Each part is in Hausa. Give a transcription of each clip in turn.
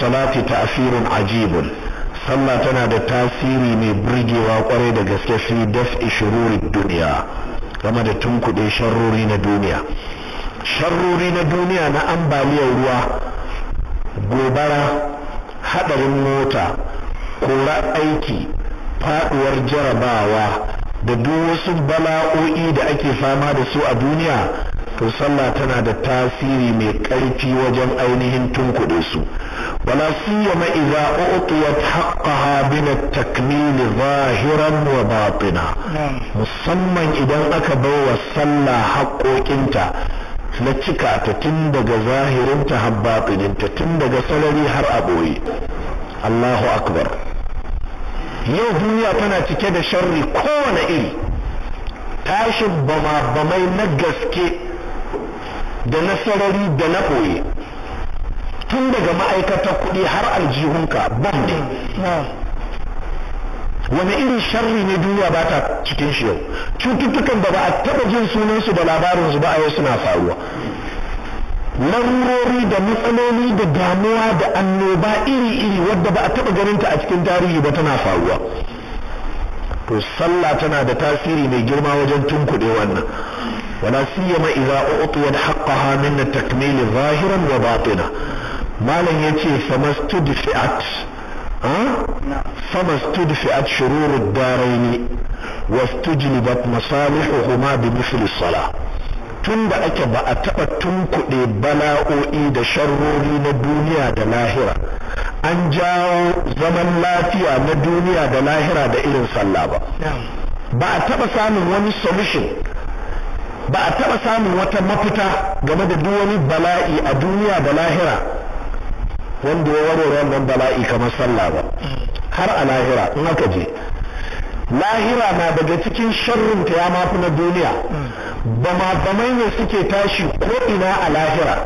salati ta'sirun ajibun sallah tana da tasiri mai burgewa kwarai da gaske fi daf'i shururi duniya game da tunkuɗe sharrori na duniya sharrori na duniya na ambaliyar ruwa gobara hadarin mota kora aiki faduwar jarabawa da duk wasu bala'o'i da ake fama da su a duniya to sallah tana da tasiri mai ƙarfi wajen ainihin tunkuɗe su ولا سيما إذا أعطيت حقها من التكميل ظاهرا وباطنا مصمما إذا أكبوا وصلى حقك أنت na cika ta tun daga zahirinta har tun daga salari har ɓoye Allahu akbar yau duniya tana cike da sharri kowane iri tashin bama bamai na gaske da na sarari da na ɓoye tun daga ma'aikatar kuɗi har aljihunka ban ne wani irin sharri ne duniya ba ta cikin shi yau cututtukan da ba a taɓa jin sunansu da labarinsu ba a yau suna faruwa larurori da matsaloli da damuwa da annoba iri-iri wadda ba a taɓa ganinta a cikin tarihi ba tana faruwa to sallah tana da tasiri mai girma wajen tunkuɗe wannan wala siyama idza u'tiya haqqaha min at-takmil zahiran wa batina malam ya ce famastudfi'at famastudfi'at shururud daraini wastujlibat masalihuhuma bi misli salah tunda ake ba a taba tunkuɗe bala'o'i da sharrori na duniya da lahira an jawo zaman lafiya na duniya da lahira da irin sallah ba ba a taɓa samun wani solution ba a taba samun wata mafita game da duk wani bala'i a duniya da lahira wanda ya waro wannan bala'i kamar sallah ba har a lahira in aka je lahira na daga cikin sharrin ta ya mafi na duniya ba ma ne suke tashi ko ina a lahira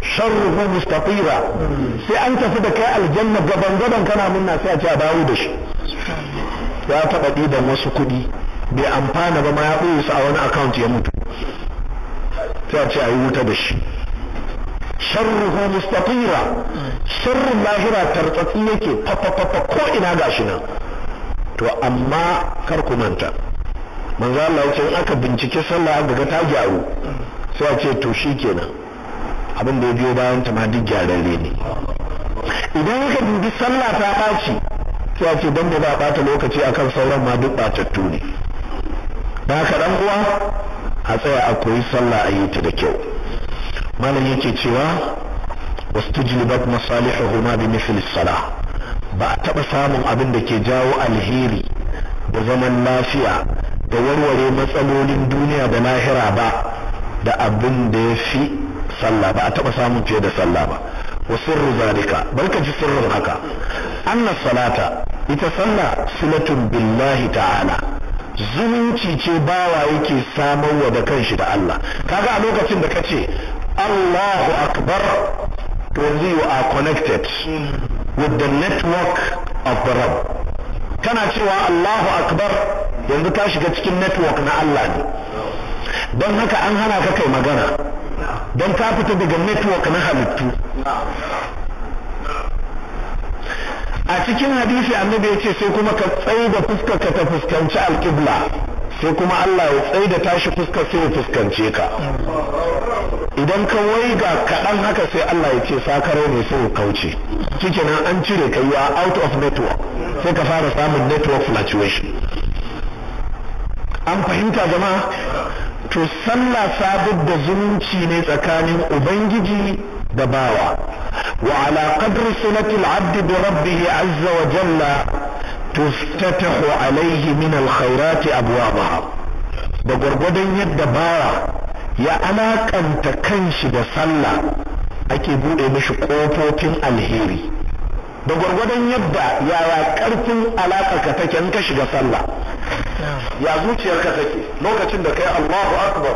sharruhu mustatira sai an tafi da kai aljanna gaban gaban kana munna sai a ce a dawo da shi ya taɓa da wasu kuɗi bai amfana ba ma ya ɓoye su a wani akawunt ya mutu sai a ce a yi wuta da shi sharruhu mustatira sharrin lahira tartsatsi yake fafafafa ko ina gashi nan to amma kar ku manta manzo Allah ya ce in aka bincike sallah daga ta gyaru sai a ce to shikenan abin da ya biyo bayan ta ma duk gyararre ne idan aka dubi sallah ta ɓaci sai a ce dan da ba bata lokaci akan sauran ma duk ɓatattu ne da haka dan uwa a tsaya a koyi sallah a yi ta da kyau malam yake cewa wasu wastujlibat masalihuhuma bi mithli salah ba a taba samun abin da ke jawo alheri da zaman lafiya da warware matsalolin duniya da lahira ba da abin da ya fi sallah ba a taba samun fiye da sallah ba wa sirru zalika barka ji sirrin haka anna salata ita sallah silatun billahi ta'ala zumunci ce bawa yake samarwa da kanshi da Allah kaga a lokacin da kace Allahu Akbar when you are connected with the network of the Rabb kana cewa Allahu Akbar yanzu ka shiga cikin network na Allah ne don haka an hana ka kai magana don ka fita daga network na halittu a cikin hadisi annabi ya ce sai kuma ka tsaye da fuskar ka ta fuskanci alƙibla sai kuma Allah ya tsaye da tashi fuskar sai ya fuskance ka idan ka waiga kaɗan haka sai Allah ya ce sakaro ne sai kauce nan an cire ka yi out of network sai ka fara samun network fluctuation an fahimta jama'a to sallah sabid da zumunci ne tsakanin ubangiji da bawa wa ala qadri sunatil abdi bi rabbihi azza wa jalla tuftatahu alayhi min alkhairati ba da gwargwadon yadda bawa ya alakanta kanshi da sallah ake bude mishi kofofin alheri da gwargwadon yadda yaya ƙarfin ka take in ka shiga sallah ya zuciyarka take lokacin da kai Allahu akbar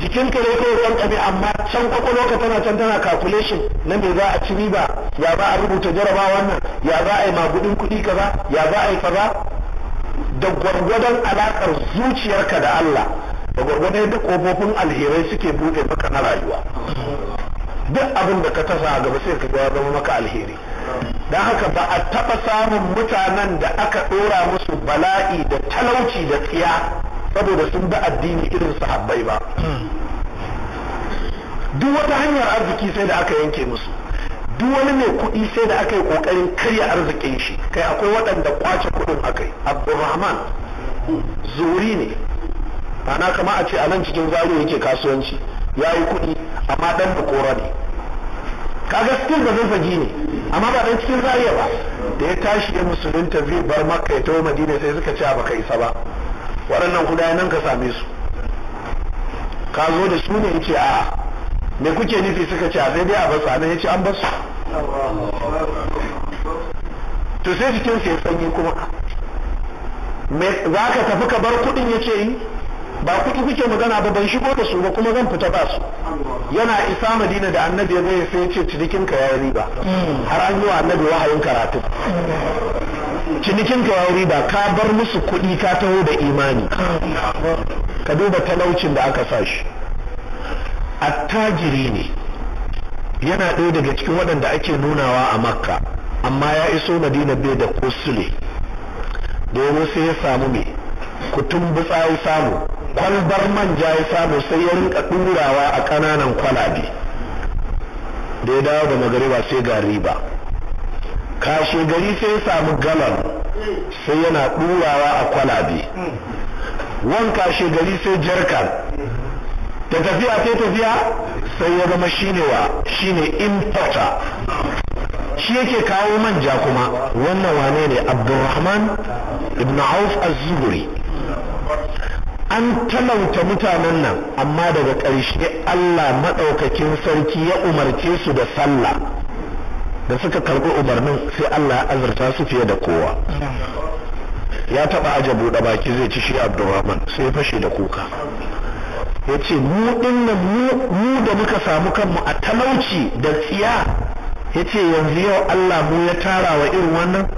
dai kai kawai kankame amma can kwakwalwarka tana can tana calculation na me za a ci riba ya za a rubuta jaraba nan ya za a yi magudin kuɗi kaza ya za a yi kaza da gwargwadon alaƙar zuciyarka da Allah da gwargwado yadda kofofin alherai suke buɗe maka na rayuwa duk abin da ka tasa a gaba sai ka ga zama maka alheri don haka ba a taɓa samun mutanen da aka ɗora musu bala'i da talauci da tsiya saboda sun bi addini irin sahabbai ba duk wata hanyar arziki sai da aka yanke musu duk wani mai kuɗi sai da aka yi ƙoƙarin karya arzikin shi kai akwai waɗanda kwace kuɗin aka yi abdurrahman zuri ne ana kama a ce a nan cikin zaro yake kasuwanci ya yi kuɗi amma ɗan bukora ne kaga still da zai faji ne amma ba ɗan cikin zariya ba da ya tashi ya ta biyu bar makka ya taho madina sai suka ce baka isa ba waɗannan kuɗa nan ka same su ka zo da su ne ya ce a me kuke nufi suka ci a sai dai a basu nan ya ce an basu to sai cikin sai sanyi kuma za ka tafi ka bar kuɗin ya ce yi ba kuɗi kuke magana ba ban shigo da su ba kuma zan fita ba su yana isa madina da annabi ya zai sai ce cinikin ka yayi riba har an yi wa annabi wahayin karatu cinikin ka yayi riba ka bar musu kuɗi ka taho da imani ka duba talaucin da aka sa shi attajiri ne yana ɗaya daga cikin waɗanda ake nunawa a makka amma ya iso madina bai da kusule domin sai ya samu me kutun butsayi samu kwalbar manja ya samu sai ya rinka ɗurawa a ƙananan kwalabe da ya dawo da magariba sai ga riba kashe gari sai ya samu galon sai yana ɗurawa a kwalabe wan kashe gari sai jarkan da tafiya sai tafiya sai ya zama shine wa shine importer shi yake kawo manja kuma wannan wane ne abdurrahman ibn auf az-zuhri an talauta mutanen nan amma daga ƙarshe Allah maɗaukakin sarki ya umarce su da sallah da suka karɓi umarnin sai Allah ya azurta su fiye da kowa ya taɓa aje buɗe baki zai ci shi Abdurrahman sai fashe da kuka ya ce mu ɗinnan mu da muka samu kanmu a talauci da tsiya ya ce yanzu yau Allah mu ya tara wa irin wannan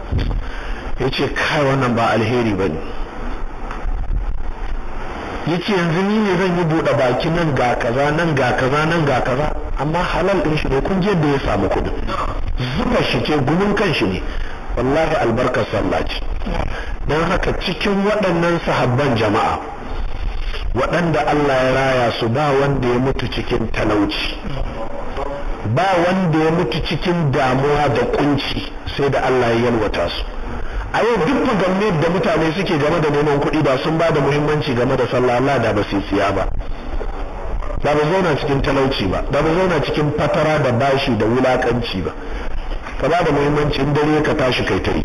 ya ce kai wannan ba alheri ba ne yace yanzu ni ne zan yi buɗe baki nan ga kaza nan ga kaza nan ga kaza amma halal ɗin shi ne kun je da ya samu kuɗi zuba shi ce gumin kan shi ne wallahi albarkar sallah ce don haka cikin waɗannan sahabban jama'a waɗanda Allah ya raya su ba wanda ya mutu cikin talauci ba wanda ya mutu cikin damuwa da kunci sai da Allah ya yalwata su a yau duk fagamme da mutane suke game da neman kuɗi ba sun ba da muhimmanci game da sallah Allah da ba su siya ba da ba zauna cikin talauci ba da ba zauna cikin fatara da bashi da wulakanci ba ka ba da muhimmanci in dare ka tashi kai tare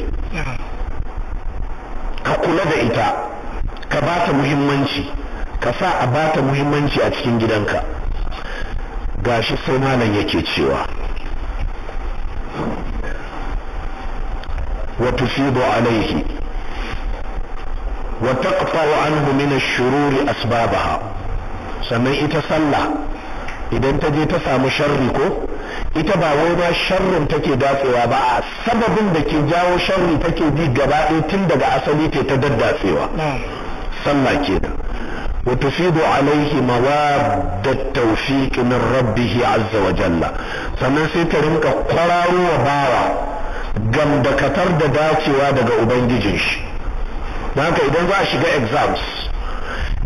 ka kula da ita ka ba ta muhimmanci ka sa a ba ta muhimmanci a cikin gidanka gashi sai malam yake cewa وتفيض عليه وتقطع عنه من الشرور أسبابها sannan ita sallah idan ta je ta samu sharri ko ita ba wai ba sharrin take datsewa ba a sababin da ke jawo sharri take bi gaba ɗaya tun daga asali ce ta daddatsewa sallah ke da wa tufidu alaihi mawaddat tawfiq min rabbih azza wa jalla sannan sai ta rinka kwararo wa bawa gambakatar da dacewa daga ubangijin shi don haka idan za a shiga exams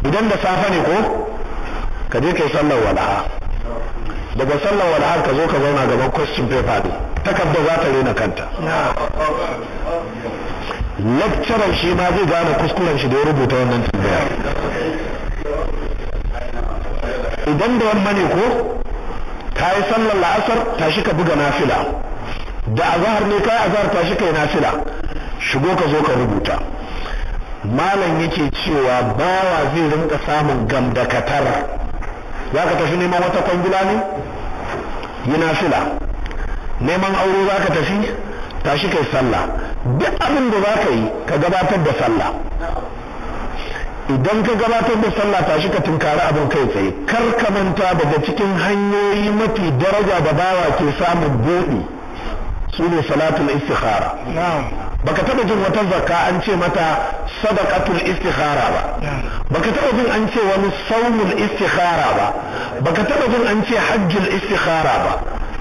idan da safe ne ko ka je kai sallar wala'a daga sallar wala'a ka zo ka zauna gaban question paper ne takarda za ta rena kanta lecturer shi ma zai gane kuskuren shi da ya rubuta wannan tambaya idan da wani ne ko ka yi sallar la'asar ta shi ka buga nafila da azhar ne kai azhar tashi kai nafila shigo ka zo ka rubuta malam yake cewa bawa zai rinka samun gamdakatar za ka tafi neman wata kwangila ne yi neman aure za ka tafi tashi kai sallah duk abin da za ka yi ka gabatar da sallah idan ka gabatar da sallah tashi ka tunkari abin kai tsaye kar ka manta daga cikin hanyoyi mafi daraja da bawa ke samun buɗi su ne salatul istikhara baka taba jin wata zakka an ce mata sadaqatul istikhara ba baka taba jin an ce wani saumul istikhara ba baka taba jin an ce hajjul istikhara ba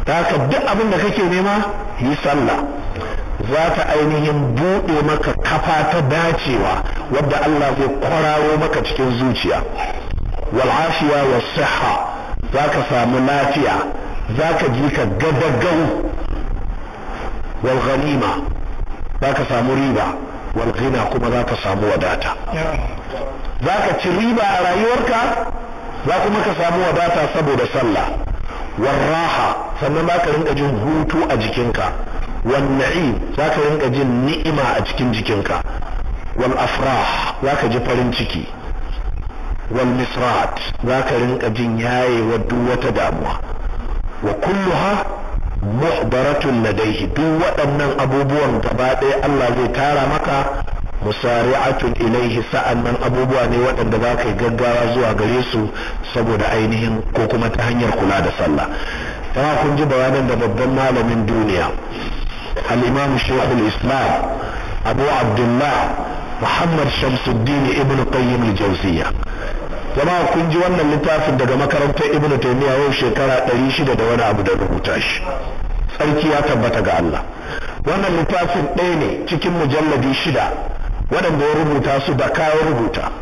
ta haka duk abin da kake nema yi sallah za ta ainihin buɗe maka kafa ta dacewa wadda Allah zai kwararo maka cikin zuciya wal afiya was sihha za ka samu lafiya za ka ji ka gadagau wal ghanima zaka samu riba walgina ghina kuma zaka samu wadata zaka ci riba a rayuwarka za kuma ka samu wadata saboda sallah wal raha sannan zaka rinka jin hutu a jikinka wal na'im zaka rinka jin ni'ima a cikin jikinka wal afrah zaka ji farin ciki wal misrat zaka rinka jin yayewa duk wata damuwa wa muhbaratun ladaihi duk waɗannan abubuwan gaba ɗaya Allah zai tara maka musari'atun ilaihi sa'annan abubuwa ne waɗanda za ka yi gaggawa zuwa gare su saboda ainihin ko kuma ta hanyar kula da sallah ta kun ji bayanan da babban malamin duniya al-imam islam abu abdullah muhammad shamsuddin ibn qayyim al-jawziyya jama'a kun ji wannan littafin daga makarantar ibnu taymiya yau shekara 600 da wani abu da rubuta shi sarki ya tabbata ga Allah wannan littafin ɗaya ne cikin mujalladi shida waɗanda ya rubuta su da kayan rubuta